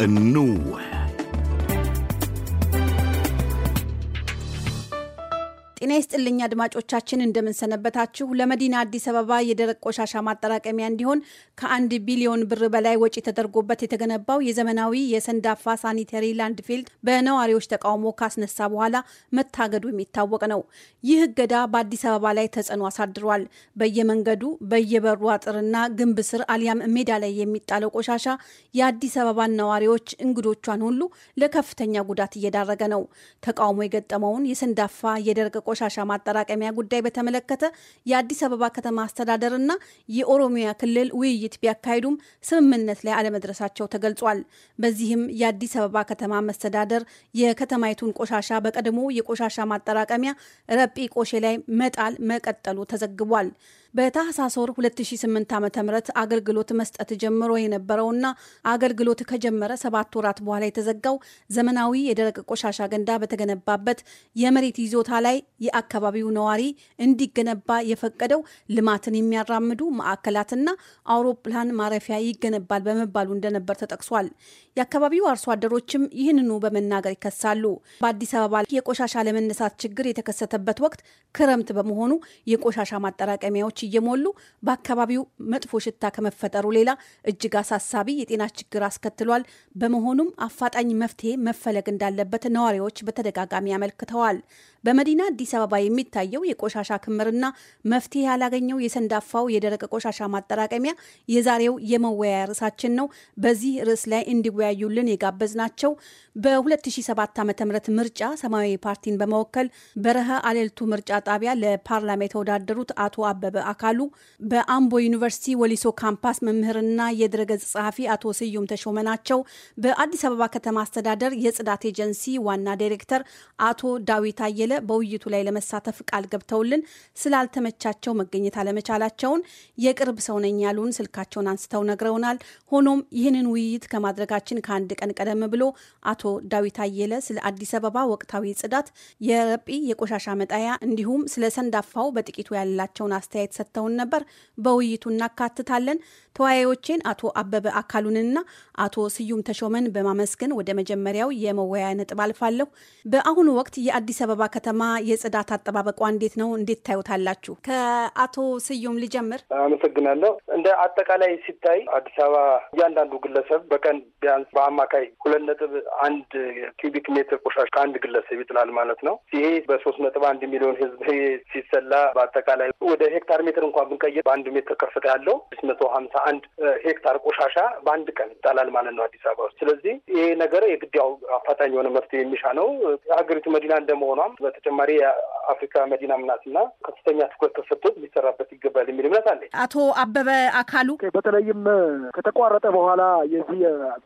A way. ጤና ይስጥልኝ አድማጮቻችን፣ እንደምንሰነበታችሁ። ለመዲና አዲስ አበባ የደረቅ ቆሻሻ ማጠራቀሚያ እንዲሆን ከአንድ ቢሊዮን ብር በላይ ወጪ ተደርጎበት የተገነባው የዘመናዊ የሰንዳፋ ሳኒተሪ ላንድ ፊልድ በነዋሪዎች ተቃውሞ ካስነሳ በኋላ መታገዱ የሚታወቅ ነው። ይህ እገዳ በአዲስ አበባ ላይ ተጽዕኖ አሳድሯል። በየመንገዱ በየበሩ አጥርና ግንብ ስር አሊያም ሜዳ ላይ የሚጣለው ቆሻሻ የአዲስ አበባን ነዋሪዎች፣ እንግዶቿን ሁሉ ለከፍተኛ ጉዳት እየዳረገ ነው። ተቃውሞ የገጠመውን የሰንዳፋ የደረቅ ቆሻሻ ማጠራቀሚያ ጉዳይ በተመለከተ የአዲስ አበባ ከተማ አስተዳደርና የኦሮሚያ ክልል ውይይት ቢያካሂዱም ስምምነት ላይ አለመድረሳቸው ተገልጿል። በዚህም የአዲስ አበባ ከተማ መስተዳደር የከተማይቱን ቆሻሻ በቀድሞ የቆሻሻ ማጠራቀሚያ ረጲ ቆሼ ላይ መጣል መቀጠሉ ተዘግቧል። በታህሳስ ወር 2008 ዓ ም አገልግሎት መስጠት ጀምሮ የነበረውና አገልግሎት ከጀመረ ሰባት ወራት በኋላ የተዘጋው ዘመናዊ የደረቅ ቆሻሻ ገንዳ በተገነባበት የመሬት ይዞታ ላይ የአካባቢው ነዋሪ እንዲገነባ የፈቀደው ልማትን የሚያራምዱ ማዕከላትና አውሮፕላን ማረፊያ ይገነባል በመባሉ እንደነበር ተጠቅሷል። የአካባቢው አርሶ አደሮችም ይህንኑ በመናገር ይከሳሉ። በአዲስ አበባ የቆሻሻ ለመነሳት ችግር የተከሰተበት ወቅት ክረምት በመሆኑ የቆሻሻ ማጠራቀሚያዎች ሆስፒታሎች እየሞሉ በአካባቢው መጥፎ ሽታ ከመፈጠሩ ሌላ እጅግ አሳሳቢ የጤና ችግር አስከትሏል። በመሆኑም አፋጣኝ መፍትሄ መፈለግ እንዳለበት ነዋሪዎች በተደጋጋሚ አመልክተዋል። በመዲና አዲስ አበባ የሚታየው የቆሻሻ ክምርና መፍትሄ ያላገኘው የሰንዳፋው የደረቀ ቆሻሻ ማጠራቀሚያ የዛሬው የመወያያ ርዕሳችን ነው። በዚህ ርዕስ ላይ እንዲወያዩልን የጋበዝናቸው በ2007 ም ምርጫ ሰማያዊ ፓርቲን በመወከል በረሀ አሌልቱ ምርጫ ጣቢያ ለፓርላማ የተወዳደሩት አቶ አበበ አካሉ፣ በአምቦ ዩኒቨርሲቲ ወሊሶ ካምፓስ መምህርና የድረገጽ ጸሐፊ አቶ ስዩም ተሾመ ናቸው። በአዲስ አበባ ከተማ አስተዳደር የጽዳት ኤጀንሲ ዋና ዳይሬክተር አቶ ዳዊት አየ ኃይለ በውይይቱ ላይ ለመሳተፍ ቃል ገብተውልን ስላልተመቻቸው መገኘት አለመቻላቸውን የቅርብ ሰው ነኝ ያሉን ስልካቸውን አንስተው ነግረውናል። ሆኖም ይህንን ውይይት ከማድረጋችን ከአንድ ቀን ቀደም ብሎ አቶ ዳዊት አየለ ስለ አዲስ አበባ ወቅታዊ ጽዳት፣ የረጲ የቆሻሻ መጣያ እንዲሁም ስለ ሰንዳፋው በጥቂቱ ያላቸውን አስተያየት ሰጥተውን ነበር። በውይይቱ እናካትታለን። ተወያዮቼን አቶ አበበ አካሉንና አቶ ስዩም ተሾመን በማመስገን ወደ መጀመሪያው የመወያያ ነጥብ አልፋለሁ። በአሁኑ ወቅት የአዲስ አበባ ከተማ የጽዳት አጠባበቋ እንዴት ነው? እንዴት ታዩታላችሁ? ከአቶ ስዩም ልጀምር። አመሰግናለሁ። እንደ አጠቃላይ ሲታይ አዲስ አበባ እያንዳንዱ ግለሰብ በቀን ቢያንስ በአማካይ ሁለት ነጥብ አንድ ኪቢክ ሜትር ቆሻሻ ከአንድ ግለሰብ ይጥላል ማለት ነው። ይሄ በሶስት ነጥብ አንድ ሚሊዮን ህዝብ ሲሰላ በአጠቃላይ ወደ ሄክታር ሜትር እንኳን ብንቀይር በአንድ ሜትር ከፍታ ያለው ስድስት መቶ ሀምሳ አንድ ሄክታር ቆሻሻ በአንድ ቀን ይጣላል ማለት ነው አዲስ አበባ ውስጥ። ስለዚህ ይሄ ነገር የግድ ያው አፋጣኝ የሆነ መፍትሄ የሚሻ ነው። ሀገሪቱ መዲና እንደመሆኗም በተጨማሪ የአፍሪካ መዲና ምናት እና ከፍተኛ ትኩረት ተሰጥቶት ሊሰራበት ይገባል የሚል እምነት አለ አቶ አበበ አካሉ በተለይም ከተቋረጠ በኋላ የዚህ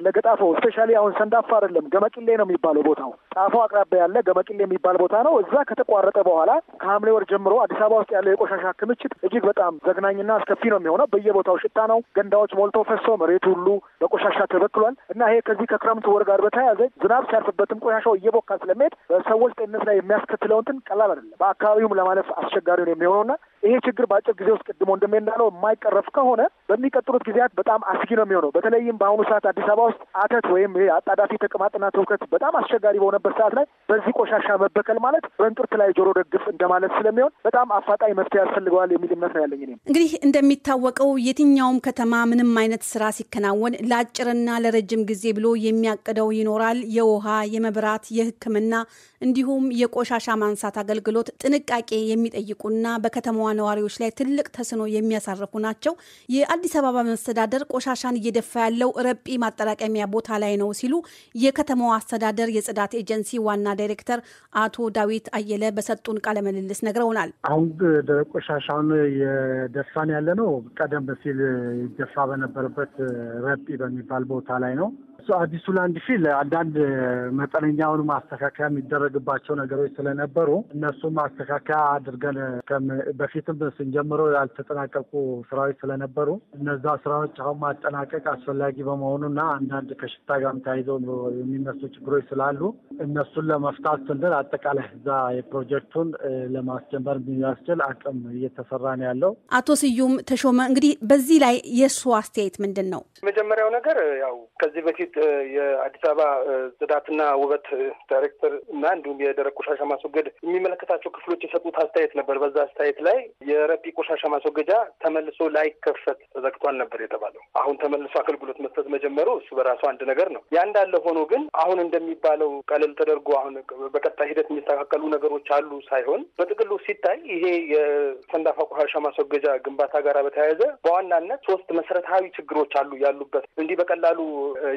ለገጣፎ ስፔሻሊ አሁን ሰንዳፋ አይደለም ገመቂሌ ነው የሚባለው ቦታው ጣፎ አቅራቢያ ያለ ገመቂሌ የሚባል ቦታ ነው። እዛ ከተቋረጠ በኋላ ከሐምሌ ወር ጀምሮ አዲስ አበባ ውስጥ ያለው የቆሻሻ ክምችት እጅግ በጣም ዘግናኝና አስከፊ ነው የሚሆነው። በየቦታው ሽታ ነው። ገንዳዎች ሞልቶ ፈሶ መሬቱ ሁሉ በቆሻሻ ተበክሏል እና ይሄ ከዚህ ከክረምት ወር ጋር በተያያዘ ዝናብ ሲያርፍበትም ቆሻሻው እየቦካ ስለሚሄድ በሰዎች ጤንነት ላይ የሚያስ የምትለውን እንትን ቀላል አይደለም። በአካባቢውም ለማለፍ አስቸጋሪውን የሚሆነውና ይሄ ችግር በአጭር ጊዜ ውስጥ ቅድሞ እንደሜ የማይቀረፍ ከሆነ በሚቀጥሉት ጊዜያት በጣም አስጊ ነው የሚሆነው። በተለይም በአሁኑ ሰዓት አዲስ አበባ ውስጥ አተት ወይም ይሄ አጣዳፊ ተቅማጥና ትውከት በጣም አስቸጋሪ በሆነበት ሰዓት ላይ በዚህ ቆሻሻ መበከል ማለት በእንጥርት ላይ ጆሮ ደግፍ እንደማለት ስለሚሆን በጣም አፋጣኝ መፍትሄ ያስፈልገዋል የሚል እምነት ነው ያለኝ። እንግዲህ እንደሚታወቀው የትኛውም ከተማ ምንም አይነት ስራ ሲከናወን ለአጭርና ለረጅም ጊዜ ብሎ የሚያቅደው ይኖራል። የውሃ፣ የመብራት፣ የሕክምና እንዲሁም የቆሻሻ ማንሳት አገልግሎት ጥንቃቄ የሚጠይቁና በከተማዋ ነዋሪዎች ላይ ትልቅ ተስኖ የሚያሳርፉ ናቸው። የአዲስ አበባ መስተዳደር ቆሻሻን እየደፋ ያለው ረጲ ማጠራቀሚያ ቦታ ላይ ነው ሲሉ የከተማዋ አስተዳደር የጽዳት ኤጀንሲ ዋና ዳይሬክተር አቶ ዳዊት አየለ በሰጡን ቃለምልልስ ነግረውናል። አሁን ደረቅ ቆሻሻን የደፋን ያለ ነው። ቀደም ሲል ይደፋ በነበረበት ረጲ በሚባል ቦታ ላይ ነው። አዲሱ ላንድ ፊል አንዳንድ መጠነኛውን ማስተካከያ የሚደረግባቸው ነገሮች ስለነበሩ እነሱም ማስተካከያ አድርገን በፊትም ስንጀምረው ያልተጠናቀቁ ስራዎች ስለነበሩ እነዛ ስራዎች አሁን ማጠናቀቅ አስፈላጊ በመሆኑና አንዳንድ ከሽታ ጋርም ተያይዘው የሚነሱ ችግሮች ስላሉ እነሱን ለመፍታት ስንል አጠቃላይ እዛ የፕሮጀክቱን ለማስጀመር የሚያስችል አቅም እየተሰራ ነው ያለው። አቶ ስዩም ተሾመ እንግዲህ በዚህ ላይ የእሱ አስተያየት ምንድን ነው? መጀመሪያው ነገር ያው ከዚህ በፊት በፊት የአዲስ አበባ ጽዳትና ውበት ዳይሬክተር እና እንዲሁም የደረቅ ቆሻሻ ማስወገድ የሚመለከታቸው ክፍሎች የሰጡት አስተያየት ነበር። በዛ አስተያየት ላይ የረፒ ቆሻሻ ማስወገጃ ተመልሶ ላይከፈት ተዘግቷል ነበር የተባለው። አሁን ተመልሶ አገልግሎት መስጠት መጀመሩ እሱ በራሱ አንድ ነገር ነው። ያ እንዳለ ሆኖ ግን አሁን እንደሚባለው ቀለል ተደርጎ አሁን በቀጣይ ሂደት የሚስተካከሉ ነገሮች አሉ ሳይሆን በጥቅሉ ሲታይ ይሄ የሰንዳፋ ቆሻሻ ማስወገጃ ግንባታ ጋር በተያያዘ በዋናነት ሶስት መሰረታዊ ችግሮች አሉ ያሉበት እንዲህ በቀላሉ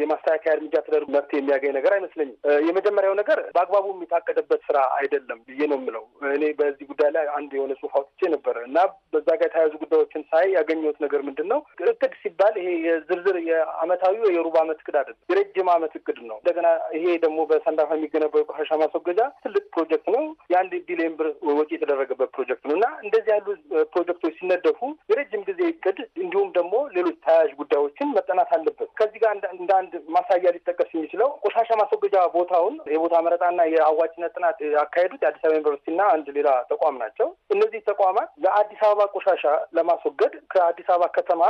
የማስ ማስተካከያ እርምጃ ተደርጎ መፍትሄ የሚያገኝ ነገር አይመስለኝም። የመጀመሪያው ነገር በአግባቡ የሚታቀደበት ስራ አይደለም ብዬ ነው የምለው። እኔ በዚህ ጉዳይ ላይ አንድ የሆነ ጽሁፍ አውጥቼ ነበረ እና በዛ ጋር የተያያዙ ጉዳዮችን ሳይ ያገኘሁት ነገር ምንድን ነው? እቅድ ሲባል ይሄ የዝርዝር የአመታዊ የሩብ አመት እቅድ አይደለም፣ የረጅም አመት እቅድ ነው። እንደገና ይሄ ደግሞ በሰንዳፋ የሚገነባው የቆሻሻ ማስወገጃ ትልቅ ፕሮጀክት ነው። የአንድ ቢሊዮን ብር ወጪ የተደረገበት ፕሮጀክት ነው እና እንደዚህ ያሉ ፕሮጀክቶች ሲነደፉ የረጅም ጊዜ እቅድ እንዲሁም ደግሞ ሌሎች ተያያዥ ጉዳዮችን መጠናት አለበት። ከዚህ ጋር እንደ አንድ ማሳያ ሊጠቀስ የሚችለው ቆሻሻ ማስወገጃ ቦታውን የቦታ መረጣና የአዋጭነት ጥናት ያካሄዱት የአዲስ አበባ ዩኒቨርሲቲና አንድ ሌላ ተቋም ናቸው። እነዚህ ተቋማት ለአዲስ አበባ ቆሻሻ ለማስወገድ ከአዲስ አበባ ከተማ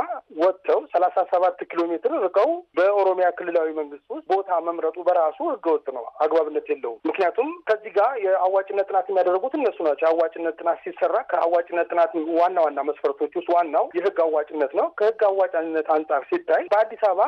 ወጥተው ሰላሳ ሰባት ኪሎ ሜትር ርቀው በኦሮሚያ ክልላዊ መንግስት ውስጥ ቦታ መምረጡ በራሱ ህገወጥ ነው፣ አግባብነት የለውም። ምክንያቱም ከዚህ ጋር የአዋጭነት ጥናት የሚያደረጉት እነሱ ናቸው። የአዋጭነት ጥናት ሲሰራ ከአዋጭነት ጥናት ዋና ዋና መስፈርቶች ውስጥ ዋናው የህግ አዋጭነት ነው። ከህግ አዋጭነት አንጻር ሲታይ በአዲስ አበባ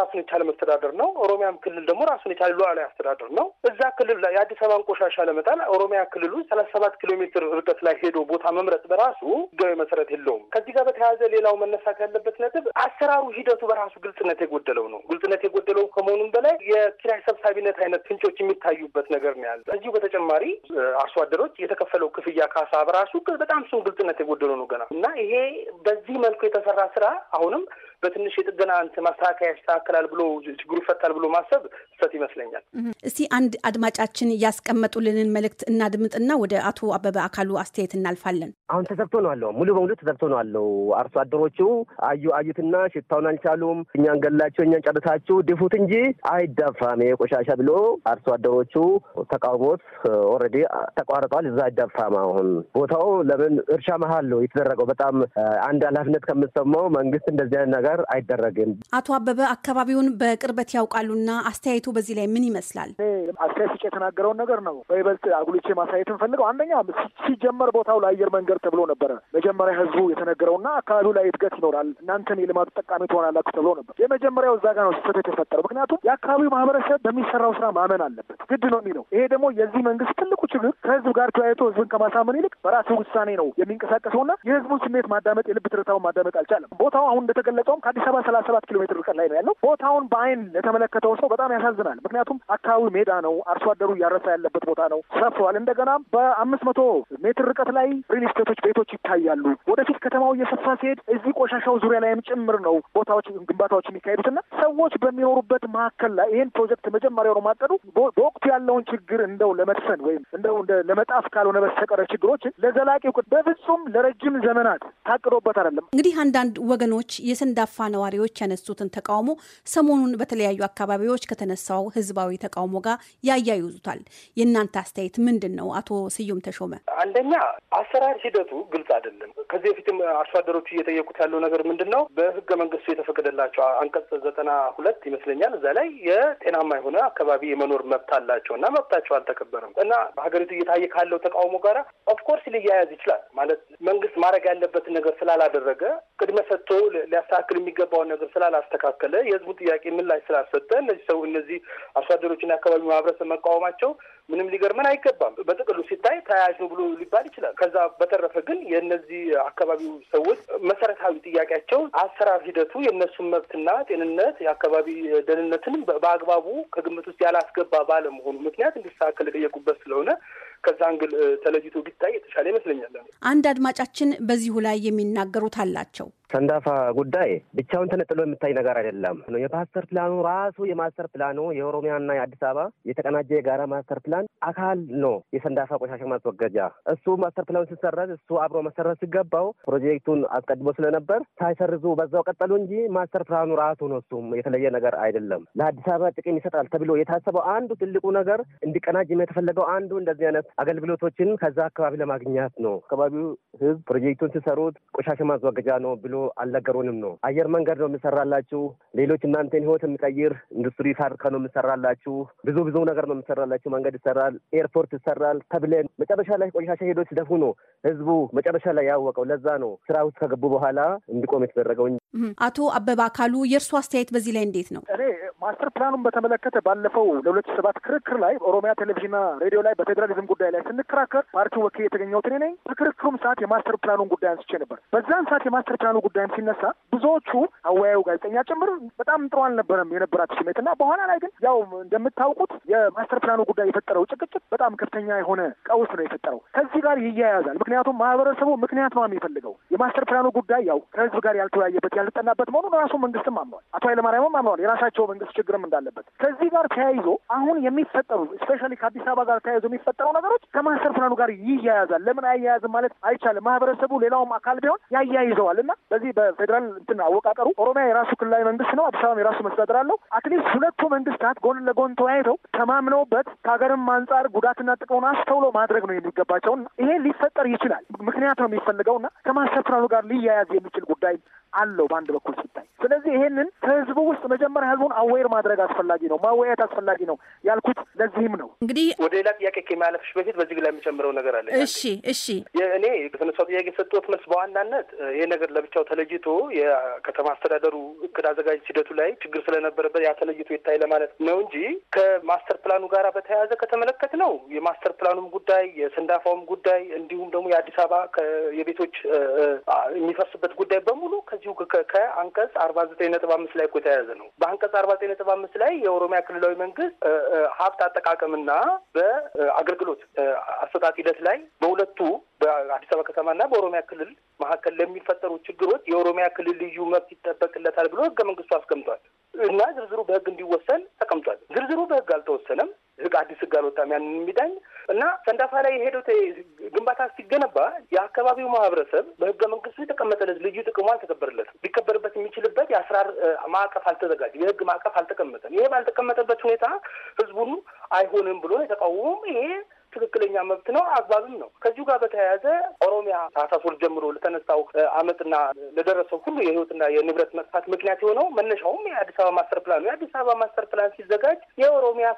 ራሱን የቻለ መስተዳደ አስተዳደር ነው። ኦሮሚያም ክልል ደግሞ ራሱን የቻለ ሉዓላዊ አስተዳደር ነው። እዛ ክልል ላይ የአዲስ አበባን ቆሻሻ ለመጣል ኦሮሚያ ክልሉ ሰላሳ ሰባት ኪሎ ሜትር ርቀት ላይ ሄዶ ቦታ መምረጥ በራሱ ህጋዊ መሰረት የለውም። ከዚህ ጋር በተያያዘ ሌላው መነሳት ያለበት ነጥብ አሰራሩ ሂደቱ በራሱ ግልጽነት የጎደለው ነው። ግልጽነት የጎደለው ከመሆኑም በላይ የኪራይ ሰብሳቢነት አይነት ፍንጮች የሚታዩበት ነገር ነው ያለ። እዚሁ በተጨማሪ አርሶ አደሮች የተከፈለው ክፍያ ካሳ በራሱ በጣም ስም ግልጽነት የጎደለው ነው ገና እና ይሄ በዚህ መልኩ የተሰራ ስራ አሁንም በትንሽ የጥገና እንትን ማስተካከያ ያስተካክላል ብሎ ችግሩ ይፈታል ብሎ ማሰብ ስህተት ይመስለኛል። እስቲ አንድ አድማጫችን እያስቀመጡልንን መልእክት እናድምጥና ወደ አቶ አበበ አካሉ አስተያየት እናልፋለን። አሁን ተዘግቶ ነው አለው፣ ሙሉ በሙሉ ተዘግቶ ነው አለው። አርሶ አደሮቹ አዩ አዩትና ሽታውን አልቻሉም። እኛን ገላችሁ እኛን ጨርሳችሁ ድፉት እንጂ አይዳፋም ቆሻሻ ብሎ አርሶ አደሮቹ ተቃውሞት ኦልሬዲ ተቋርጧል። እዛ አይዳፋም። አሁን ቦታው ለምን እርሻ መሀል ነው የተደረገው። በጣም አንድ ኃላፊነት ከምሰማው መንግስት እንደዚህ አይነት ነገር አይደረግም። አቶ አበበ አካባቢውን በቅርብ በቅርበት ያውቃሉና አስተያየቱ በዚህ ላይ ምን ይመስላል? አስተያየት ስጭ የተናገረውን ነገር ነው በይበልጥ አጉልቼ ማሳየት የምፈልገው አንደኛ ሲጀመር ቦታው ለአየር መንገድ ተብሎ ነበረ። መጀመሪያ ህዝቡ የተነገረውና አካባቢው ላይ እድገት ይኖራል፣ እናንተን የልማቱ ጠቃሚ ትሆናላችሁ ተብሎ ነበር። የመጀመሪያው እዛ ጋ ነው ስህተት የተፈጠረው። ምክንያቱም የአካባቢው ማህበረሰብ በሚሰራው ስራ ማመን አለበት፣ ግድ ነው የሚለው ይሄ ደግሞ የዚህ መንግስት ትልቁ ችግር ከህዝብ ጋር ተወያይቶ ህዝብን ከማሳመን ይልቅ በራሱ ውሳኔ ነው የሚንቀሳቀሰውና የህዝቡን ስሜት ማዳመጥ የልብ ትርታውን ማዳመጥ አልቻለም። ቦታው አሁን እንደተገለጸውም ከአዲስ አበባ ሰላሳ ሰባት ኪሎ ሜትር ርቀት ላይ ነው ያለው። ቦታውን በአይን ለተመለከተው ሰው በጣም ያሳዝናል። ምክንያቱም አካባቢው ሜዳ ነው፣ አርሶ አደሩ እያረሳ ያለበት ቦታ ነው፣ ሰፍሯል። እንደገና በአምስት መቶ ሜትር ርቀት ላይ ሪል ስቴቶች ቤቶች ይታያሉ። ወደፊት ከተማው እየሰፋ ሲሄድ እዚህ ቆሻሻው ዙሪያ ላይም ጭምር ነው ቦታዎች ግንባታዎች የሚካሄዱትና ሰዎች በሚኖሩበት መካከል ላይ ይህን ፕሮጀክት መጀመሪያው ነው ማቀዱ በወቅቱ ያለውን ችግር እንደው ለመድፈን ወይም እንደው ለመጣፍ ካልሆነ በስተቀረ ችግሮችን ለዘላቂው በፍጹም ለረጅም ዘመናት ታቅዶበት አይደለም። እንግዲህ አንዳንድ ወገኖች የሰንዳፋ ነዋሪዎች ያነሱትን ተቃውሞ ሰሞኑን ከተለያዩ አካባቢዎች ከተነሳው ህዝባዊ ተቃውሞ ጋር ያያይዙታል። የእናንተ አስተያየት ምንድን ነው? አቶ ስዩም ተሾመ። አንደኛ አሰራር ሂደቱ ግልጽ አይደለም። ከዚህ በፊትም አርሶ አደሮቹ እየጠየቁት ያለው ነገር ምንድን ነው? በህገ መንግስቱ የተፈቀደላቸው አንቀጽ ዘጠና ሁለት ይመስለኛል እዛ ላይ የጤናማ የሆነ አካባቢ የመኖር መብት አላቸው እና መብታቸው አልተከበረም እና በሀገሪቱ እየታየ ካለው ተቃውሞ ጋራ ኦፍኮርስ ሊያያዝ ይችላል። ማለት መንግስት ማድረግ ያለበትን ነገር ስላላደረገ ቅድመ ሰጥቶ ሊያስተካክል የሚገባውን ነገር ስላላስተካከለ የህዝቡ ጥያቄ ምላሽ ላይ ስላልሰጠ እነዚህ ሰው እነዚህ አርሶ አደሮችና የአካባቢ ማህበረሰብ መቃወማቸው ምንም ሊገርመን አይገባም። በጥቅሉ ሲታይ ተያያዥ ነው ብሎ ሊባል ይችላል። ከዛ በተረፈ ግን የእነዚህ አካባቢው ሰዎች መሰረታዊ ጥያቄያቸው አሰራር ሂደቱ የእነሱን መብትና ጤንነት የአካባቢ ደህንነትን በአግባቡ ከግምት ውስጥ ያላስገባ ባለመሆኑ ምክንያት እንዲስተካከል የጠየቁበት ስለሆነ ከዛ አንግል ተለይቶ ቢታይ የተሻለ ይመስለኛል። አንድ አድማጫችን በዚሁ ላይ የሚናገሩት አላቸው። ሰንዳፋ ጉዳይ ብቻውን ተነጥሎ የምታይ ነገር አይደለም። የማስተር ፕላኑ ራሱ የማስተር ፕላኑ የኦሮሚያና የአዲስ አበባ የተቀናጀ የጋራ ማስተር ፕላን አካል ነው። የሰንዳፋ ቆሻሻ ማስወገጃ እሱ ማስተር ፕላኑ ሲሰረዝ እሱ አብሮ መሰረዝ ሲገባው ፕሮጀክቱን አስቀድሞ ስለነበር ሳይሰርዙ በዛው ቀጠሉ እንጂ ማስተር ፕላኑ ራሱ ነው። እሱም የተለየ ነገር አይደለም። ለአዲስ አበባ ጥቅም ይሰጣል ተብሎ የታሰበው አንዱ ትልቁ ነገር እንዲቀናጅ የተፈለገው አንዱ እንደዚህ አይነት አገልግሎቶችን ከዛ አካባቢ ለማግኘት ነው። አካባቢው ህዝብ ፕሮጀክቱን ሲሰሩት ቆሻሻ ማስወገጃ ነው ብሎ አልነገሩንም ነው። አየር መንገድ ነው የምሰራላችሁ፣ ሌሎች እናንተን ህይወት የሚቀይር ኢንዱስትሪ ፋብሪካ ነው የምሰራላችሁ፣ ብዙ ብዙ ነገር ነው የምሰራላችሁ፣ መንገድ ይሰራል፣ ኤርፖርት ይሰራል ተብለን መጨረሻ ላይ ቆሻሻ ሄዶ ሲደፉ ነው ህዝቡ መጨረሻ ላይ ያወቀው። ለዛ ነው ስራ ውስጥ ከገቡ በኋላ እንዲቆም የተደረገው። አቶ አበባ አካሉ የእርሱ አስተያየት በዚህ ላይ እንዴት ነው? እኔ ማስተር ፕላኑን በተመለከተ ባለፈው ለሁለት ሺህ ሰባት ክርክር ላይ ኦሮሚያ ቴሌቪዥንና ሬዲዮ ላይ በፌዴራሊዝም ጉዳይ ላይ ስንከራከር ፓርቲው ወኪል የተገኘሁት እኔ ነኝ። በክርክሩም ሰዓት የማስተር ፕላኑን ጉዳይ አንስቼ ነበር። በዛን ሰዓት የማስተር ፕላኑ ጉዳይም ሲነሳ ብዙዎቹ አወያዩ ጋዜጠኛ ጭምር በጣም ጥሩ አልነበረም የነበራት ስሜት እና በኋላ ላይ ግን ያው እንደምታውቁት የማስተር ፕላኑ ጉዳይ የፈጠረው ጭቅጭቅ በጣም ከፍተኛ የሆነ ቀውስ ነው የፈጠረው። ከዚህ ጋር ይያያዛል። ምክንያቱም ማህበረሰቡ ምክንያት ነው የሚፈልገው። የማስተር ፕላኑ ጉዳይ ያው ከህዝብ ጋር ያልተወያየበት ያልተጠናበት መሆኑን ራሱ መንግስትም አምኗል። አቶ ኃይለማርያምም አምኗል። የራሳቸው መንግስት ችግርም እንዳለበት ከዚህ ጋር ተያይዞ አሁን የሚፈጠሩ ስፔሻሊ ከአዲስ አበባ ጋር ተያይዞ የሚፈጠረው ነገር ነገሮች ከማስተር ፕላኑ ጋር ይያያዛል። ለምን አያያዝም ማለት አይቻልም። ማህበረሰቡ ሌላውም አካል ቢሆን ያያይዘዋል እና በዚህ በፌዴራል እንትን አወቃቀሩ ኦሮሚያ የራሱ ክልላዊ መንግስት ነው፣ አዲስ አበባም የራሱ መስተዳድር አለው። አትሊስት ሁለቱ መንግስታት ጎን ለጎን ተወያይተው ተማምነውበት ከሀገርም አንጻር ጉዳትና ጥቅሙን አስተውሎ ማድረግ ነው የሚገባቸውና ይሄ ሊፈጠር ይችላል። ምክንያት ነው የሚፈልገውና ከማስተር ፕላኑ ጋር ሊያያዝ የሚችል ጉዳይ አለው በአንድ በኩል ሲታይ። ስለዚህ ይሄንን ከህዝቡ ውስጥ መጀመሪያ ህዝቡን አዌር ማድረግ አስፈላጊ ነው፣ ማወያየት አስፈላጊ ነው ያልኩት ለዚህም ነው። እንግዲህ ወደ ሌላ ጥያቄ ከማለፍሽ በፊት በዚህ ላይ የሚጨምረው ነገር አለ። እሺ፣ እሺ። እኔ ከተነሳው ጥያቄ የሰጠሁት መልስ በዋናነት ይሄ ነገር ለብቻው ተለይቶ የከተማ አስተዳደሩ እቅድ አዘጋጅ ሂደቱ ላይ ችግር ስለነበረበት ያ ተለይቶ ይታይ ለማለት ነው እንጂ ከማስተር ፕላኑ ጋር በተያያዘ ከተመለከት ነው የማስተር ፕላኑም ጉዳይ የሰንዳፋውም ጉዳይ እንዲሁም ደግሞ የአዲስ አበባ የቤቶች የሚፈርስበት ጉዳይ በሙሉ ከዚሁ ከአንቀጽ አርባ ዘጠኝ ነጥብ አምስት ላይ እኮ የተያያዘ ነው። በአንቀጽ አርባ ዘጠኝ ነጥብ አምስት ላይ የኦሮሚያ ክልላዊ መንግስት ሀብት አጠቃቀምና በአገልግሎት አሰጣጥ ሂደት ላይ በሁለቱ በአዲስ አበባ ከተማና በኦሮሚያ ክልል መካከል ለሚፈጠሩ ችግሮች የኦሮሚያ ክልል ልዩ መብት ይጠበቅለታል ብሎ ህገ መንግስቱ አስቀምጧል እና ዝርዝሩ በህግ እንዲወሰን ተቀምጧል። ዝርዝሩ በህግ አልተወሰነም። ህግ አዲስ ህግ አልወጣም ያንን የሚዳኝ እና ሰንዳፋ ላይ የሄደው ግንባታ ሲገነባ የአካባቢው ማህበረሰብ በህገ መንግስቱ የተቀመጠለት ልዩ ጥቅሙ አልተከበረለትም። ሊከበርበት የሚችልበት የአስራር ማዕቀፍ አልተዘጋጀም። የህግ ማዕቀፍ አልተቀመጠም። ይሄ ባልተቀመጠበት ሁኔታ ህዝቡን አይሆንም ብሎ የተቃወሙም ይሄ ትክክለኛ መብት ነው፣ አግባብም ነው። ከዚሁ ጋር በተያያዘ ኦሮሚያ ታህሳስ ወር ጀምሮ ለተነሳው አመፅና ለደረሰው ሁሉ የህይወትና የንብረት መጥፋት ምክንያት የሆነው መነሻውም የአዲስ አበባ ማስተር ፕላን ነው። የአዲስ አበባ ማስተር ፕላን ሲዘጋጅ የኦሮሚያ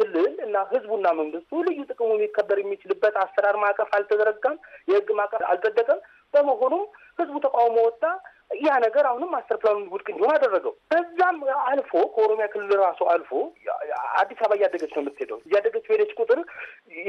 ክልል እና ህዝቡና መንግስቱ ልዩ ጥቅሙ የሚከበር የሚችልበት አሰራር ማዕቀፍ አልተዘረጋም፣ የህግ ማዕቀፍ አልጸደቀም። በመሆኑም ህዝቡ ተቃውሞ ወጣ። ያ ነገር አሁንም ማስተር ፕላኑ ውድቅ እንዲሆን አደረገው። በዛም አልፎ ከኦሮሚያ ክልል ራሱ አልፎ አዲስ አበባ እያደገች ነው የምትሄደው። እያደገች በሄደች ቁጥር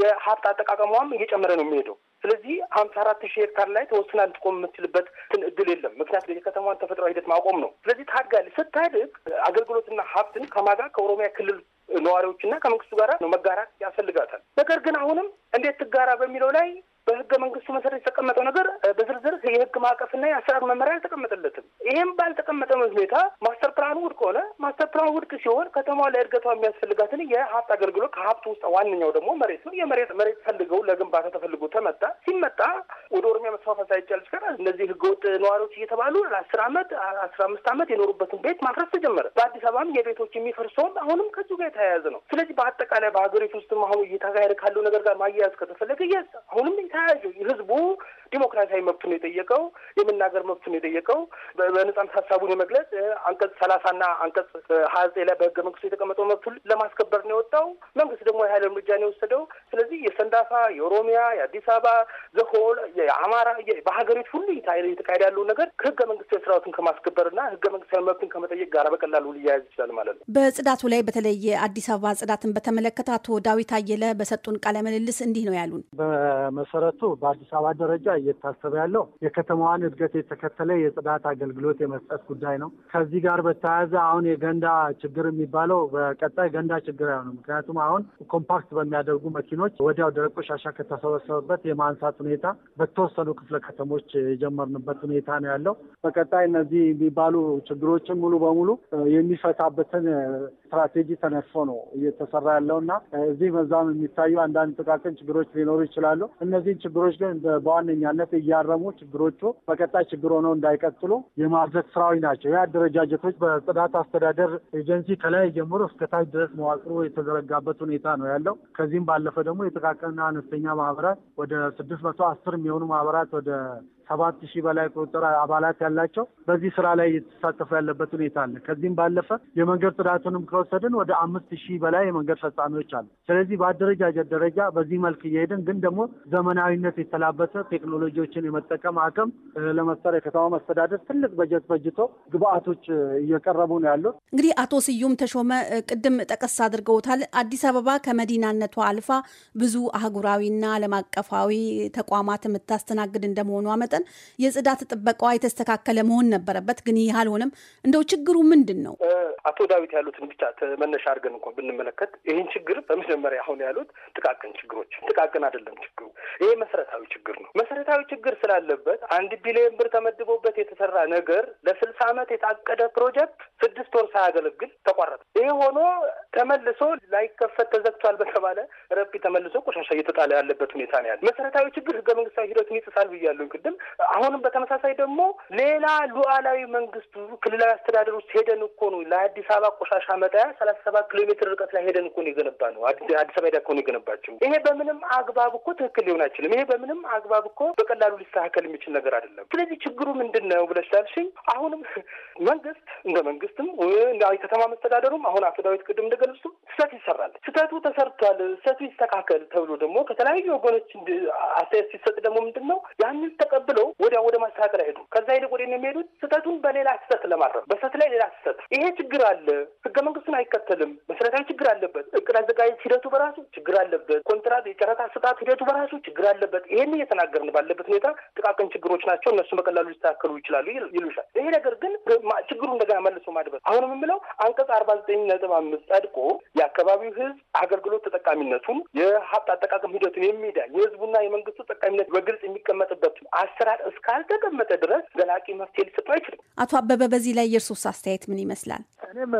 የሀብት አጠቃቀሟም እየጨመረ ነው የሚሄደው። ስለዚህ ሀምሳ አራት ሺህ ሄክታር ላይ ተወስና ልትቆም የምትችልበት እድል የለም። ምክንያቱ የከተማዋን ተፈጥሮ ሂደት ማቆም ነው። ስለዚህ ታድጋለች። ስታድግ አገልግሎትና ሀብትን ከማጋ ከኦሮሚያ ክልል ነዋሪዎችና ከመንግስቱ ጋር መጋራት ያስፈልጋታል። ነገር ግን አሁንም እንዴት ትጋራ በሚለው ላይ በህገ መንግስቱ መሰረት የተቀመጠው ነገር በዝርዝር የህግ ማዕቀፍና የአሰራር መመሪያ አልተቀመጠለትም። ይህም ባልተቀመጠ ሁኔታ ማስተር ፕላኑ ውድቅ ሆነ። ማስተር ፕላኑ ውድቅ ሲሆን ከተማ ለእድገቷ የሚያስፈልጋትን የሀብት አገልግሎት ከሀብት ውስጥ ዋነኛው ደግሞ መሬት ነው። የመሬት መሬት ፈልገው ለግንባታ ተፈልጎ ተመጣ ሲመጣ ወደ ኦሮሚያ መስፋፋት ሳይቻል ይቀራል። እነዚህ ህገወጥ ነዋሪዎች እየተባሉ ለአስር አመት አስራ አምስት አመት የኖሩበትን ቤት ማፍረስ ተጀመረ። በአዲስ አበባም የቤቶች የሚፈርሰውም አሁንም ከዚሁ ጋር የተያያዘ ነው። ስለዚህ በአጠቃላይ በሀገሪቱ ውስጥ አሁን እየተካሄደ ካለው ነገር ጋር ማያያዝ ከተፈለገ አሁንም ህዝቡ ዲሞክራሲያዊ መብቱን የጠየቀው የመናገር መብቱን የጠየቀው በነጻነት ሀሳቡን የመግለጽ አንቀጽ ሰላሳና አንቀጽ ሀያ ዘጠኝ ላይ በህገ መንግስቱ የተቀመጠው መብቱን ለማስከበር ነው የወጣው። መንግስት ደግሞ የሀይል እርምጃ ነው የወሰደው። ስለዚህ የሰንዳፋ፣ የኦሮሚያ፣ የአዲስ አበባ ዘሆል፣ የአማራ በሀገሪቱ ሁሉ የተካሄደ ያለው ነገር ከህገ መንግስታዊ ስርዓቱን ከማስከበርና ህገ መንግስታዊ መብትን ከመጠየቅ ጋር በቀላሉ ሊያያዝ ይችላል ማለት ነው። በጽዳቱ ላይ በተለይ የአዲስ አበባ ጽዳትን በተመለከተ አቶ ዳዊት አየለ በሰጡን ቃለ ምልልስ እንዲህ ነው ያሉን በመሰ በመሰረቱ በአዲስ አበባ ደረጃ እየታሰበ ያለው የከተማዋን እድገት የተከተለ የጽዳት አገልግሎት የመስጠት ጉዳይ ነው። ከዚህ ጋር በተያያዘ አሁን የገንዳ ችግር የሚባለው በቀጣይ ገንዳ ችግር አይሆንም። ምክንያቱም አሁን ኮምፓክት በሚያደርጉ መኪኖች ወዲያው ደረቅ ቆሻሻ ከተሰበሰበበት የማንሳት ሁኔታ በተወሰኑ ክፍለ ከተሞች የጀመርንበት ሁኔታ ነው ያለው። በቀጣይ እነዚህ የሚባሉ ችግሮችን ሙሉ በሙሉ የሚፈታበትን ስትራቴጂ ተነድፎ ነው እየተሰራ ያለው እና እዚህ በዛም የሚታዩ አንዳንድ ጥቃቅን ችግሮች ሊኖሩ ይችላሉ። እነዚህን ችግሮች ግን በዋነኛነት እያረሙ ችግሮቹ በቀጣይ ችግር ሆነው እንዳይቀጥሉ የማድረግ ስራዎች ናቸው። ይህ አደረጃጀቶች በጽዳት አስተዳደር ኤጀንሲ ከላይ ጀምሮ እስከታች ድረስ መዋቅሩ የተዘረጋበት ሁኔታ ነው ያለው። ከዚህም ባለፈ ደግሞ የጥቃቅንና አነስተኛ ማህበራት ወደ ስድስት መቶ አስር የሚሆኑ ማህበራት ወደ ሰባት ሺህ በላይ ቁጥር አባላት ያላቸው በዚህ ስራ ላይ እየተሳተፉ ያለበት ሁኔታ አለ። ከዚህም ባለፈ የመንገድ ጽዳቱንም ከወሰድን ወደ አምስት ሺህ በላይ የመንገድ ፈጻሚዎች አሉ። ስለዚህ በአደረጃጀት ደረጃ በዚህ መልክ እየሄድን ግን ደግሞ ዘመናዊነት የተላበሰ ቴክኖሎጂዎችን የመጠቀም አቅም ለመፍጠር የከተማ መስተዳደር ትልቅ በጀት በጅቶ ግብአቶች እየቀረቡ ነው ያሉት። እንግዲህ አቶ ስዩም ተሾመ ቅድም ጠቀስ አድርገውታል። አዲስ አበባ ከመዲናነቷ አልፋ ብዙ አህጉራዊና ዓለም አቀፋዊ ተቋማት የምታስተናግድ እንደመሆኗ መጠን መጠን የጽዳት ጥበቃዋ የተስተካከለ መሆን ነበረበት፣ ግን ይህ አልሆነም። እንደው ችግሩ ምንድን ነው? አቶ ዳዊት ያሉትን ብቻ መነሻ አድርገን እንኳ ብንመለከት ይህን ችግር በመጀመሪያ አሁን ያሉት ጥቃቅን ችግሮች ጥቃቅን አይደለም ችግሩ፣ ይሄ መሰረታዊ ችግር ነው። መሰረታዊ ችግር ስላለበት አንድ ቢሊዮን ብር ተመድቦበት የተሰራ ነገር ለስልሳ ዓመት የታቀደ ፕሮጀክት ስድስት ወር ሳያገለግል ተቋረጠ። ይሄ ሆኖ ተመልሶ ላይከፈት ተዘግቷል በተባለ ረፒ ተመልሶ ቆሻሻ እየተጣለ ያለበት ሁኔታ ነው ያለ። መሰረታዊ ችግር ህገ መንግስታዊ ሂደቱን ይጥሳል ብያለሁ ቅድም። አሁንም በተመሳሳይ ደግሞ ሌላ ሉዓላዊ መንግስቱ ክልላዊ አስተዳደር ውስጥ ሄደን እኮ ነው ለአዲስ አበባ ቆሻሻ መጣያ ሰላሳ ሰባት ኪሎ ሜትር ርቀት ላይ ሄደን እኮ ነው የገነባ ነው አዲስ አበባ ሄዳ እኮ ነው የገነባቸው። ይሄ በምንም አግባብ እኮ ትክክል ሊሆን አይችልም። ይሄ በምንም አግባብ እኮ በቀላሉ ሊስተካከል የሚችል ነገር አይደለም። ስለዚህ ችግሩ ምንድን ነው ብለሽ ላልሽኝ አሁንም መንግስት እንደ መንግስትም ከተማ መስተዳደሩም አሁን አቶ ዳዊት ቅድም እንደገለጹ ስህተት ይሰራል። ስህተቱ ተሰርቷል፣ ስህተቱ ይስተካከል ተብሎ ደግሞ ከተለያዩ ወገኖች አስተያየት ሲሰጥ ደግሞ ምንድን ነው ያንን ተቀበ ብለው ወዲያ ወደ ማስተካከል አይሄዱ። ከዛ ይልቅ ወደ የሚሄዱት ስህተቱን በሌላ ስህተት ለማድረግ በስህተት ላይ ሌላ ስህተት። ይሄ ችግር አለ። ህገ መንግስቱን አይከተልም። መሰረታዊ ችግር አለበት። እቅድ አዘጋጀት ሂደቱ በራሱ ችግር አለበት። ኮንትራት የጨረታ ስጣት ሂደቱ በራሱ ችግር አለበት። ይሄን እየተናገርን ባለበት ሁኔታ ጥቃቅን ችግሮች ናቸው፣ እነሱ በቀላሉ ሊስተካከሉ ይችላሉ ይሉሻል። ይሄ ነገር ግን ችግሩ እንደገና መልሶ ማድበስ። አሁን የምለው አንቀጽ አርባ ዘጠኝ ነጥብ አምስት ጸድቆ የአካባቢው ህዝብ አገልግሎት ተጠቃሚነቱን የሀብት አጠቃቀም ሂደቱን የሚዳ የህዝቡና የመንግስቱ ተጠቃሚነት በግልጽ የሚቀመጥበት አሰ አሰራር እስካልተቀመጠ ድረስ ዘላቂ መፍትሄ ሊሰጠው አይችልም። አቶ አበበ በዚህ ላይ የእርሶስ አስተያየት ምን ይመስላል? እኔም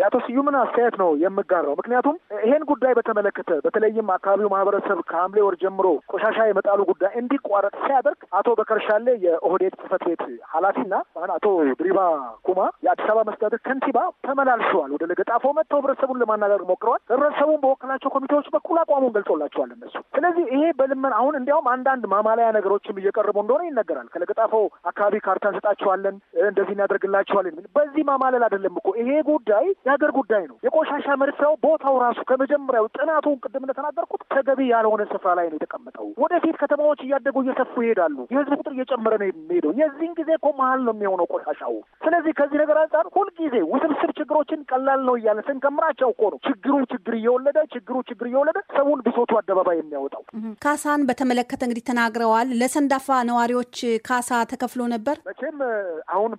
የአቶ ስዩምን አስተያየት ነው የምጋራው። ምክንያቱም ይሄን ጉዳይ በተመለከተ በተለይም አካባቢው ማህበረሰብ ከሐምሌ ወር ጀምሮ ቆሻሻ የመጣሉ ጉዳይ እንዲቋረጥ ሲያደርግ አቶ በከር ሻሌ የኦህዴድ ጽህፈት ቤት ኃላፊና አቶ ድሪባ ኩማ የአዲስ አበባ መስተዳደር ከንቲባ ተመላልሸዋል ወደ ለገጣፎ መጥተው ህብረተሰቡን ለማናገር ሞክረዋል። ህብረተሰቡን በወከላቸው ኮሚቴዎች በኩል አቋሙን ገልጾላቸዋል እነሱ። ስለዚህ ይሄ በልመን አሁን እንዲያውም አንዳንድ ማማለያ ነገሮችም እየቀረቡ እንደሆነ እንደሆነ ይነገራል። ከለገጣፎ አካባቢ ካርታ እንሰጣችኋለን፣ እንደዚህ እናደርግላችኋለን። በዚህ ማማለል አይደለም እኮ ይሄ ጉዳይ የሀገር ጉዳይ ነው። የቆሻሻ መድፊያው ቦታው ራሱ ከመጀመሪያው ጥናቱን ቅድም እንደተናገርኩት ተገቢ ያልሆነ ስፍራ ላይ ነው የተቀመጠው። ወደፊት ከተማዎች እያደጉ እየሰፉ ይሄዳሉ። የህዝብ ቁጥር እየጨመረ ነው የሚሄደው። የዚህን ጊዜ እኮ መሀል ነው የሚሆነው ቆሻሻው። ስለዚህ ከዚህ ነገር አንጻር ሁልጊዜ ውስብስብ ችግሮችን ቀላል ነው እያለን ስንከምራቸው እኮ ነው ችግሩ ችግር እየወለደ ችግሩ ችግር እየወለደ ሰውን ብሶቱ አደባባይ የሚያወጣው። ካሳን በተመለከተ እንግዲህ ተናግረዋል። ለሰንዳፋ ነዋሪ ለተማሪዎች ካሳ ተከፍሎ ነበር። መቼም አሁን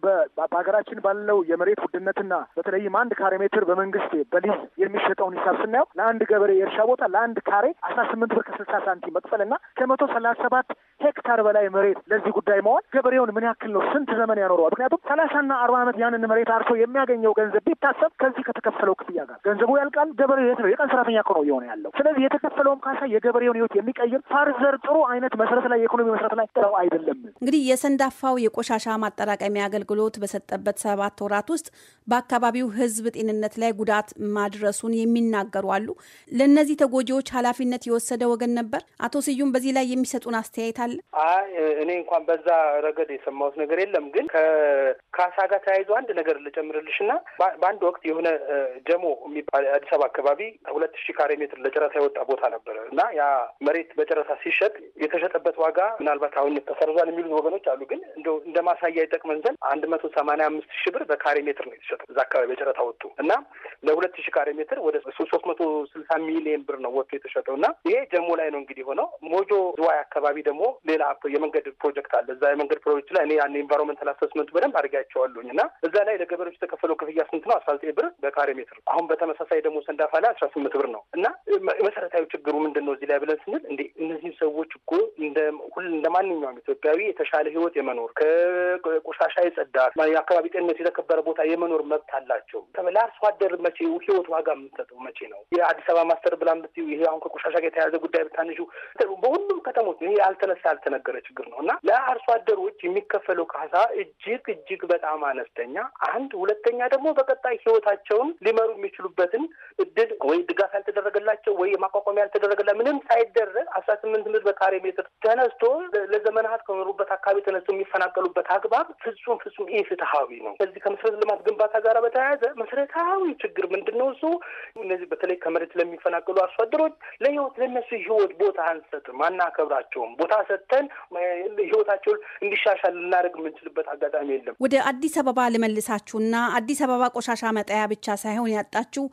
በሀገራችን ባለው የመሬት ውድነትና በተለይም አንድ ካሬ ሜትር በመንግስት በሊዝ የሚሸጠውን ሂሳብ ስናየው ለአንድ ገበሬ የእርሻ ቦታ ለአንድ ካሬ አስራ ስምንት ብር ከስልሳ ሳንቲም መክፈልና ከመቶ ሰላሳ ሰባት ሄክታር በላይ መሬት ለዚህ ጉዳይ መዋል ገበሬውን ምን ያክል ነው ስንት ዘመን ያኖረዋል? ምክንያቱም ሰላሳና አርባ ዓመት ያንን መሬት አርሶ የሚያገኘው ገንዘብ ቢታሰብ ከዚህ ከተከፈለው ክፍያ ጋር ገንዘቡ ያልቃል። ገበሬው የት ነው? የቀን ሰራተኛ እኮ ነው እየሆነ ያለው። ስለዚህ የተከፈለውም ካሳ የገበሬውን ህይወት የሚቀይር ፋርዘር ጥሩ አይነት መሰረት ላይ የኢኮኖሚ መሰረት ላይ ጥለው አይደለም አይደለም። እንግዲህ የሰንዳፋው የቆሻሻ ማጠራቀሚያ አገልግሎት በሰጠበት ሰባት ወራት ውስጥ በአካባቢው ሕዝብ ጤንነት ላይ ጉዳት ማድረሱን የሚናገሩ አሉ። ለእነዚህ ተጎጂዎች ኃላፊነት የወሰደ ወገን ነበር? አቶ ስዩም በዚህ ላይ የሚሰጡን አስተያየት አለ? አይ እኔ እንኳን በዛ ረገድ የሰማሁት ነገር የለም። ግን ከካሳ ጋር ተያይዞ አንድ ነገር ልጨምርልሽ እና በአንድ ወቅት የሆነ ጀሞ የሚባል አዲስ አበባ አካባቢ ሁለት ሺህ ካሬ ሜትር ለጨረታ የወጣ ቦታ ነበረ እና ያ መሬት በጨረታ ሲሸጥ የተሸጠበት ዋጋ ምናልባት አሁን ተሰራ ተሰርዟል የሚሉት ወገኖች አሉ። ግን እንደ እንደ ማሳያ ይጠቅመን ዘንድ አንድ መቶ ሰማንያ አምስት ሺህ ብር በካሬ ሜትር ነው የተሸጠ እዛ አካባቢ በጨረታ ወጡ እና ለሁለት ሺህ ካሬ ሜትር ወደ ሶስት መቶ ስልሳ ሚሊየን ብር ነው ወጥቶ የተሸጠው እና ይሄ ጀሞ ላይ ነው እንግዲህ ሆነው ሞጆ ዝዋይ አካባቢ ደግሞ ሌላ የመንገድ ፕሮጀክት አለ። እዛ የመንገድ ፕሮጀክት ላይ እኔ ያን ኢንቫይሮንመንታል አሰስመንቱ በደንብ አድርጌያቸዋለሁኝ እና እዛ ላይ ለገበሬዎች የተከፈለው ክፍያ ስንት ነው? አስራ ዘጠኝ ብር በካሬ ሜትር። አሁን በተመሳሳይ ደግሞ ሰንዳፋ ላይ አስራ ስምንት ብር ነው እና መሰረታዊ ችግሩ ምንድን ነው እዚህ ላይ ብለን ስንል እንደ እነዚህ ሰዎች እኮ እንደ ሁል እንደ ማንኛውም ኢትዮጵያ ኢትዮጵያዊ የተሻለ ህይወት የመኖር ከቆሻሻ የጸዳ የአካባቢ ጤንነት የተከበረ ቦታ የመኖር መብት አላቸው። ለአርሶ አደር መቼ ህይወት ዋጋ የምትሰጠው መቼ ነው? የአዲስ አበባ ማስተር ብላ ብትዩ ይሄ አሁን ከቆሻሻ ጋር ጉዳይ ብታንሹ በሁሉም ከተሞች ይሄ ያልተነሳ ያልተነገረ ችግር ነው እና ለአርሶ አደሮች የሚከፈለው ካሳ እጅግ እጅግ በጣም አነስተኛ አንድ ሁለተኛ ደግሞ በቀጣይ ህይወታቸውን ሊመሩ የሚችሉበትን እድል ወይ ድጋፍ ያልተደረገላቸው ወይ የማቋቋሚያ ያልተደረገላ ምንም ሳይደረግ አስራ ስምንት ምድር በካሬ ሜትር ተነስቶ ለዘመናት ከኖሩበት አካባቢ ተነስተው የሚፈናቀሉበት አግባብ ፍጹም ፍጹም ይህ ፍትሀዊ ነው። ከዚህ ከመሰረተ ልማት ግንባታ ጋር በተያያዘ መሰረታዊ ችግር ምንድን ነው? እሱ እነዚህ በተለይ ከመሬት ለሚፈናቀሉ አርሶ አደሮች ለህይወት ለነሱ ህይወት ቦታ አንሰጥም፣ አናከብራቸውም። ቦታ ሰጥተን ህይወታቸውን እንዲሻሻል ልናደርግ የምንችልበት አጋጣሚ የለም። ወደ አዲስ አበባ ልመልሳችሁና አዲስ አበባ ቆሻሻ መጣያ ብቻ ሳይሆን ያጣችው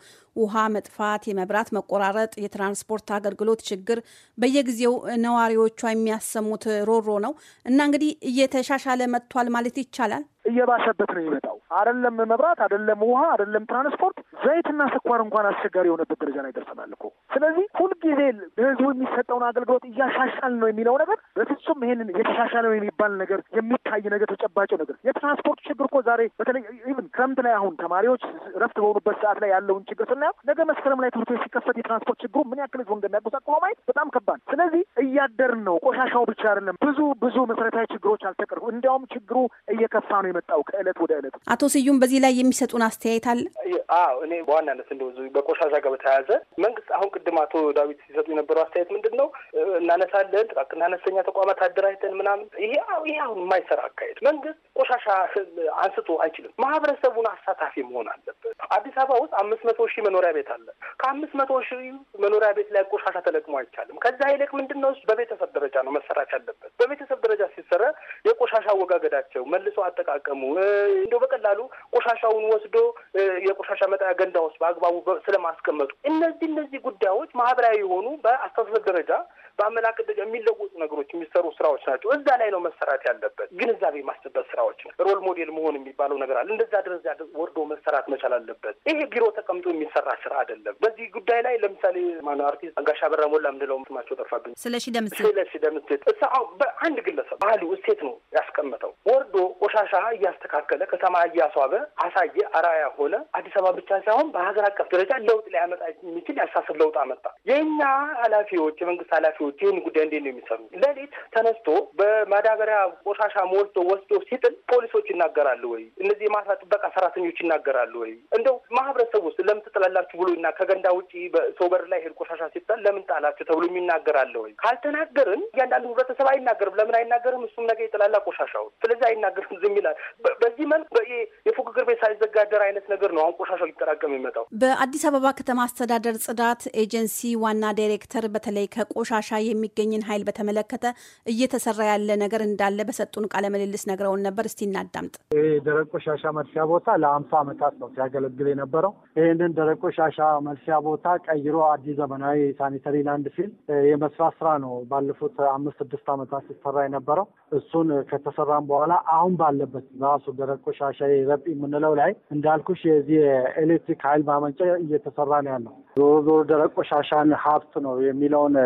ውሃ መጥፋት፣ የመብራት መቆራረጥ፣ የትራንስፖርት አገልግሎት ችግር በየጊዜው ነዋሪዎቿ የሚያሰሙት ሮሮ ነው እና እንግዲህ እየተሻሻለ መጥቷል ማለት ይቻላል። እየባሰበት ነው የሚመጣው። አይደለም መብራት፣ አይደለም ውሃ፣ አይደለም ትራንስፖርት፣ ዘይትና ስኳር እንኳን አስቸጋሪ የሆነበት ደረጃ ላይ ደርሰናል እኮ። ስለዚህ ሁልጊዜ ለህዝቡ የሚሰጠውን አገልግሎት እያሻሻል ነው የሚለው ነገር በፍጹም ይሄንን የተሻሻለ የሚባል ነገር የሚታይ ነገር ተጨባጭው ነገር የትራንስፖርት ችግር እኮ ዛሬ በተለይ ኢቭን ክረምት ላይ አሁን ተማሪዎች ረፍት በሆኑበት ሰዓት ላይ ያለውን ችግር ስናየው ነገ መስከረም ላይ ትምህርት ቤት ሲከፈት የትራንስፖርት ችግሩ ምን ያክል ህዝቡ እንደሚያጎሳቅለው ማየት በጣም ከባድ። ስለዚህ እያደርን ነው። ቆሻሻው ብቻ አይደለም፣ ብዙ ብዙ መሰረታዊ ችግሮች አልተቀርፉ። እንዲያውም ችግሩ እየከፋ ነው የመጣው ከእለት ወደ እለት። አቶ ስዩም በዚህ ላይ የሚሰጡን አስተያየት አለ? አዎ እኔ በዋናነት እንደ በቆሻሻ ጋር በተያያዘ መንግስት አሁን ቅድም አቶ ዳዊት ሲሰጡ የነበረው አስተያየት ምንድን ነው እናነሳለን ጥቃቅንና አነስተኛ ተቋማት አደራጅተን ምናምን፣ ይሄ ይሄ አሁን የማይሰራ አካሄድ። መንግስት ቆሻሻ አንስቶ አይችልም። ማህበረሰቡን አሳታፊ መሆን አለበት። አዲስ አበባ ውስጥ አምስት መቶ ሺህ መኖሪያ ቤት አለ። ከአምስት መቶ ሺህ መኖሪያ ቤት ላይ ቆሻሻ ተለቅሞ አይቻልም። ከዛ ይልቅ ምንድን ነው በቤተሰብ ደረጃ ነው መሰራት ያለበት። በቤተሰብ ደረጃ ሲሰራ የቆሻሻ አወጋገዳቸው መልሶ አጠቃቀ እንዲጠቀሙ እንደው በቀላሉ ቆሻሻውን ወስዶ የቆሻሻ መጣያ ገንዳ ውስጥ በአግባቡ ስለማስቀመጡ እነዚህ እነዚህ ጉዳዮች ማህበራዊ የሆኑ በአስተሳሰብ ደረጃ በአመላከት ደረጃ የሚለወጡ ነገሮች የሚሰሩ ስራዎች ናቸው። እዛ ላይ ነው መሰራት ያለበት ግንዛቤ ማስጨበጥ ስራዎች ነው። ሮል ሞዴል መሆን የሚባለው ነገር አለ። እንደዛ ደረጃ ወርዶ መሰራት መቻል አለበት። ይሄ ቢሮ ተቀምጦ የሚሰራ ስራ አይደለም። በዚህ ጉዳይ ላይ ለምሳሌ ማነው አርቲስት ጋሻ በራ ሞላ ምንለው ስማቸው ጠፋብኝ፣ ስለሺ ደምሴ ስለሺ ደምሴ እሳ በአንድ ግለሰብ ባህሉ እሴት ነው ያስቀመጠው። ወርዶ ቆሻሻ እያስተካከለ ከተማ እያስዋበ አሳየ፣ አራያ ሆነ። አዲስ አበባ ብቻ ሳይሆን በሀገር አቀፍ ደረጃ ለውጥ ሊያመጣ የሚችል ያሳስብ ለውጥ አመጣ። የእኛ ኃላፊዎች የመንግስት ኃላፊዎች ይህን ጉዳይ እንዴት ነው የሚሰሩት? ሌሊት ተነስቶ በማዳበሪያ ቆሻሻ ሞልቶ ወስዶ ሲጥል ፖሊሶች ይናገራሉ ወይ? እነዚህ የማሳ ጥበቃ ሰራተኞች ይናገራሉ ወይ? እንደው ማህበረሰብ ውስጥ ለምን ትጥላላችሁ ብሎ ብሎና ከገንዳ ውጭ ሰው በር ላይ ሄድ ቆሻሻ ሲጥል ለምን ጣላችሁ ተብሎ የሚናገራለ ወይ? ካልተናገርን እያንዳንዱ ህብረተሰብ አይናገርም። ለምን አይናገርም? እሱም ነገ የጥላላ ቆሻሻው ስለዚህ አይናገርም፣ ዝም ይላል። በዚህ መልክ የፉክክር ቤት ሳይዘጋደር አይነት ነገር ነው አሁን ቆሻሻው ሊጠራቀም የሚመጣው። በአዲስ አበባ ከተማ አስተዳደር ጽዳት ኤጀንሲ ዋና ዳይሬክተር በተለይ ከቆሻሻ የሚገኝን ኃይል በተመለከተ እየተሰራ ያለ ነገር እንዳለ በሰጡን ቃለ ምልልስ ነግረውን ነበር። እስቲ እናዳምጥ። ይህ ደረቅ ቆሻሻ መልሲያ ቦታ ለአምሳ ዓመታት ነው ሲያገለግል የነበረው። ይህንን ደረቅ ቆሻሻ መልሲያ ቦታ ቀይሮ አዲስ ዘመናዊ ሳኒተሪ ላንድ ፊል የመስራት ስራ ነው ባለፉት አምስት ስድስት ዓመታት ሲሰራ የነበረው። እሱን ከተሰራም በኋላ አሁን ባለበት ራሱ ደረቅ ቆሻሻ ረጲ የምንለው ላይ እንዳልኩሽ የዚህ የኤሌክትሪክ ኃይል ማመንጫ እየተሰራ ነው ያለው ዞሮ ዞሮ ደረቅ ቆሻሻን ሀብት ነው የሚለውን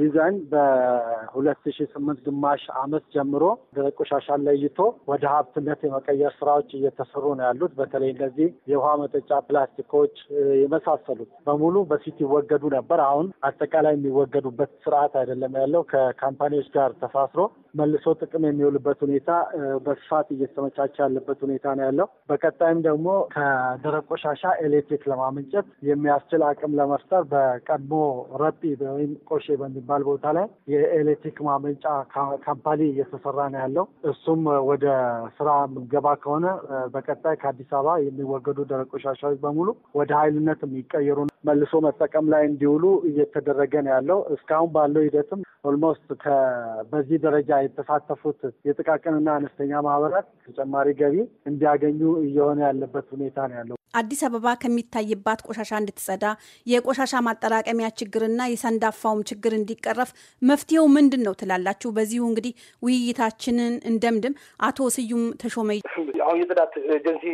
ይዘን በሁለት ሺ ስምንት ግማሽ አመት ጀምሮ ደረቅ ቆሻሻን ለይቶ ወደ ሀብትነት የመቀየር ስራዎች እየተሰሩ ነው ያሉት። በተለይ እነዚህ የውሃ መጠጫ ፕላስቲኮች የመሳሰሉት በሙሉ በፊት ይወገዱ ነበር። አሁን አጠቃላይ የሚወገዱበት ስርዓት አይደለም ያለው። ከካምፓኒዎች ጋር ተሳስሮ መልሶ ጥቅም የሚውልበት ሁኔታ በስፋት እየተመቻቸ ያለበት ሁኔታ ነው ያለው። በቀጣይም ደግሞ ከደረቅ ቆሻሻ ኤሌክትሪክ ለማመንጨት የሚያስችል አቅም አቅም ለመፍጠር በቀድሞ ረጲ ወይም ቆሼ በሚባል ቦታ ላይ የኤሌክትሪክ ማመንጫ ካምፓኒ እየተሰራ ነው ያለው። እሱም ወደ ስራ ምገባ ከሆነ በቀጣይ ከአዲስ አበባ የሚወገዱ ደረቅ ቆሻሻዎች በሙሉ ወደ ኃይልነት የሚቀየሩ መልሶ መጠቀም ላይ እንዲውሉ እየተደረገ ነው ያለው። እስካሁን ባለው ሂደትም ኦልሞስት በዚህ ደረጃ የተሳተፉት የጥቃቅንና አነስተኛ ማህበራት ተጨማሪ ገቢ እንዲያገኙ እየሆነ ያለበት ሁኔታ ነው ያለው። አዲስ አበባ ከሚታይባት ቆሻሻ እንድትጸዳ የቆሻሻ ማጠራቀሚያ ችግርና የሰንዳፋውም ችግር እንዲቀረፍ መፍትሄው ምንድን ነው ትላላችሁ? በዚሁ እንግዲህ ውይይታችንን እንደምድም። አቶ ስዩም ተሾመ አሁን የጽዳት ኤጀንሲ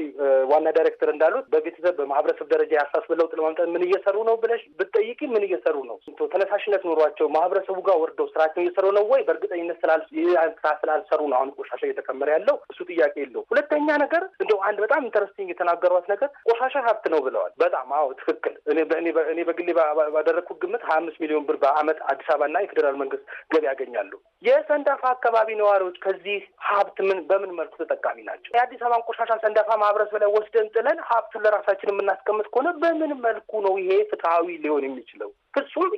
ዋና ዳይሬክተር እንዳሉት በቤተሰብ በማህበረሰብ ደረጃ የአሳስብ ለውጥ ለማምጣት ምን እየሰሩ ነው ብለሽ ብትጠይቂ ምን እየሰሩ ነው? ተነሳሽነት ኑሯቸው ማህበረሰቡ ጋር ወርደው ስራቸው እየሰሩ ነው ወይ? በእርግጠኝነት ስራ ስላልሰሩ ነው አሁን ቆሻሻ እየተከመረ ያለው። እሱ ጥያቄ የለው። ሁለተኛ ነገር እንደው አንድ በጣም ኢንተረስቲንግ የተናገሯት ነገር ቆሻሻ ሀብት ነው ብለዋል። በጣም አዎ ትክክል። እኔ በግሌ ባደረግኩት ግምት ሀያ አምስት ሚሊዮን ብር በአመት አዲስ አበባና የፌዴራል መንግስት ገቢ ያገኛሉ። የሰንዳፋ አካባቢ ነዋሪዎች ከዚህ ሀብት ምን በምን መልኩ ተጠቃሚ ናቸው? የአዲስ አበባን ቆሻሻ ሰንዳፋ ማህበረሰብ ላይ ወስደን ጥለን ሀብቱን ለራሳችን የምናስቀምጥ ከሆነ በምን መልኩ ነው ይሄ ፍትሀዊ ሊሆን የሚችለው? ፍጹም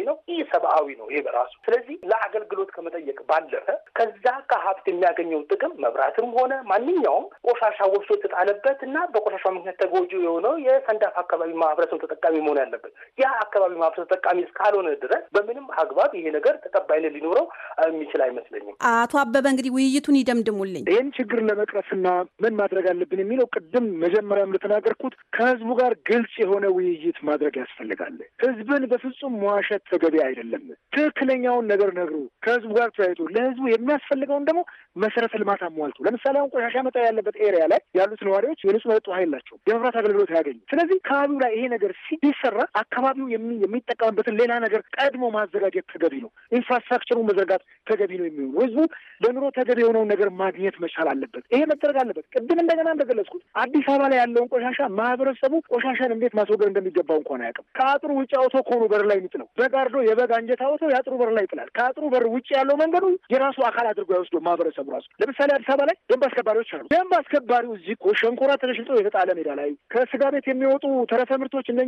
ኢ ነው፣ ኢ ሰብአዊ ነው ይሄ በራሱ። ስለዚህ ለአገልግሎት ከመጠየቅ ባለፈ ከዛ ከሀብት የሚያገኘው ጥቅም መብራትም ሆነ ማንኛውም ቆሻሻ ወብሶ የተጣለበት እና በቆሻሻ ምክንያት ተጎጂ የሆነው የሰንዳፋ አካባቢ ማህበረሰብ ተጠቃሚ መሆን ያለበት። ያ አካባቢ ማህበረሰብ ተጠቃሚ እስካልሆነ ድረስ በምንም አግባብ ይሄ ነገር ተቀባይነት ሊኖረው የሚችል አይመስለኝም። አቶ አበበ እንግዲህ ውይይቱን ይደምድሙልኝ። ይህን ችግር ለመቅረፍና ምን ማድረግ አለብን የሚለው ቅድም መጀመሪያም ለተናገርኩት ከህዝቡ ጋር ግልጽ የሆነ ውይይት ማድረግ ያስፈልጋል። ህዝብን በፍጹም መዋሸት ተገቢ አይደለም። ትክክለኛውን ነገር ነግሩ፣ ከህዝቡ ጋር ተወያይቶ ለህዝቡ የሚያስፈልገውን ደግሞ መሰረተ ልማት አሟልቱ። ለምሳሌ አሁን ቆሻሻ መጣያ ያለበት ኤሪያ ላይ ያሉት ነዋሪዎች የንጹህ መጠጥ ውሃ የላቸውም፣ የመብራት አገልግሎት አያገኙ። ስለዚህ አካባቢው ላይ ይሄ ነገር ሲሰራ አካባቢው የሚጠቀምበትን ሌላ ነገር ቀድሞ ማዘጋጀት ተገቢ ነው። ኢንፍራስትራክቸሩ መዘርጋት ተገቢ ነው የሚሆኑ ህዝቡ ለኑሮ ተገቢ የሆነውን ነገር ማግኘት መቻል አለበት። ይሄ መደረግ አለበት። ቅድም እንደገና እንደገለጽኩት አዲስ አበባ ላይ ያለውን ቆሻሻ ማህበረሰቡ ቆሻሻን እንዴት ማስወገድ እንደሚገባው እንኳን አያውቅም። ከአጥሩ ውጭ አውቶ የዝሆኑ በር ላይ የሚጥለው በግ አርዶ የበግ አንጀት አውቶ የአጥሩ በር ላይ ይጥላል። ከአጥሩ በር ውጭ ያለው መንገዱ የራሱ አካል አድርጎ ያወስዶ ማህበረሰቡ ራሱ። ለምሳሌ አዲስ አበባ ላይ ደንብ አስከባሪዎች አሉ። ደንብ አስከባሪው እዚህ እኮ ሸንኮራ ተለሽልጦ የተጣለ ሜዳ ላይ ከስጋ ቤት የሚወጡ ተረፈ ምርቶች እነ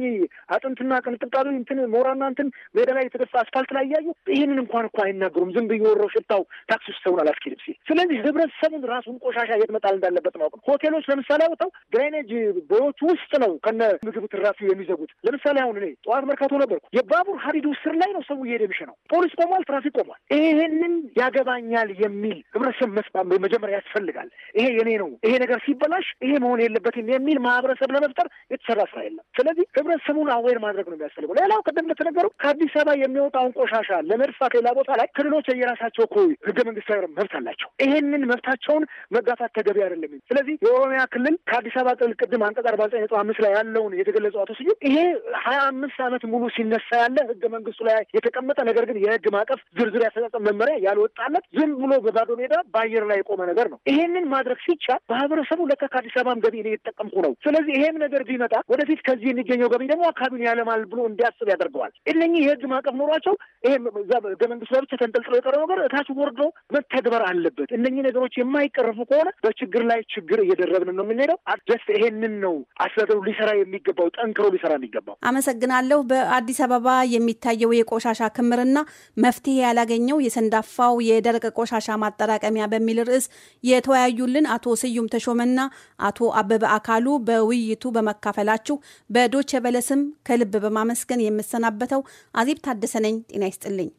አጥንትና ቅንጥቃሉ እንትን ሞራና እንትን ሜዳ ላይ የተደፋ አስፋልት ላይ እያዩ ይህንን እንኳን እኮ አይናገሩም። ዝም ብዬ ወረው ሽታው ታክሲ ውስጥ ሰውን አላስኬድም ሲል ስለዚህ ህብረተሰቡን ራሱን ቆሻሻ የት መጣል እንዳለበት ማወቅ ነው። ሆቴሎች ለምሳሌ አውጥተው ድሬኔጅ ቦዮች ውስጥ ነው ከነ ምግብ ትራፊ የሚዘጉት። ለምሳሌ አሁን እኔ ጠዋት መርካቶ ነበርኩ። የባቡር ሀዲዱ ስር ላይ ነው ሰው እየሄደ ነው። ፖሊስ ቆሟል፣ ትራፊክ ቆሟል። ይሄንን ያገባኛል የሚል ህብረተሰብ መስማም መጀመሪያ ያስፈልጋል። ይሄ የኔ ነው፣ ይሄ ነገር ሲበላሽ ይሄ መሆን የለበትም የሚል ማህበረሰብ ለመፍጠር የተሰራ ስራ የለም። ስለዚህ ህብረተሰቡን አዌር ማድረግ ነው የሚያስፈልገው። ሌላው ቅድም እንደተነገረው ከአዲስ አበባ የሚወጣውን ቆሻሻ ለመድፋት ሌላ ቦታ ላይ ክልሎች የየራሳቸው እኮ ህገ መንግስታዊ መብት አላቸው። ይሄንን መብታቸውን መጋፋት ተገቢ አይደለም። ስለዚህ የኦሮሚያ ክልል ከአዲስ አበባ ቅድም አንቀጽ አርባ ዘጠኝ ነጥብ አምስት ላይ ያለውን የተገለጸው አቶ ስዩ ይሄ ሀያ አምስት ዓመት ሙሉ ሲነሳ ያለ ህገ መንግስቱ ላይ የተቀመጠ ነገር ግን የህግ ማዕቀፍ ዝርዝር ያሰጣጠም መመሪያ ያልወጣለት ዝም ብሎ በባዶ ሜዳ በአየር ላይ የቆመ ነገር ነው። ይሄንን ማድረግ ሲቻል ማህበረሰቡ ለካ ከአዲስ አበባም ገቢ እኔ የተጠቀምኩ ነው። ስለዚህ ይሄም ነገር ቢመጣ ወደፊት ከዚህ የሚገኘው ገቢ ደግሞ አካባቢን ያለማል ብሎ እንዲያስብ ያደርገዋል። እነኚህ የህግ ማዕቀፍ ኖሯቸው ይሄ ህገ መንግስቱ ላይ ብቻ ተንጠልጥሎ የቀረው ነገር እታች ወርዶ መተግበር አለበት። እነኚህ ነገሮች የማይቀረፉ ከሆነ በችግር ላይ ችግር እየደረብን ነው የምንሄደው። ጀስት ይሄንን ነው አስተዳደሩ ሊሰራ የሚገባው፣ ጠንክሮ ሊሰራ የሚገባው። አመሰግናለሁ። በአዲስ አበባ የሚታየው የቆሻሻ ክምርና መፍትሄ ያላገኘው የሰንዳፋው የደረቅ ቆሻሻ ማጠራቀሚያ በሚል ርዕስ የተወያዩልን አቶ ስዩም ተሾመና አቶ አበበ አካሉ በውይይቱ በመካፈላችሁ በዶቼ በለስም ከልብ በማመስገን የምሰናበተው አዜብ ታደሰ ነኝ። ጤና ይስጥልኝ።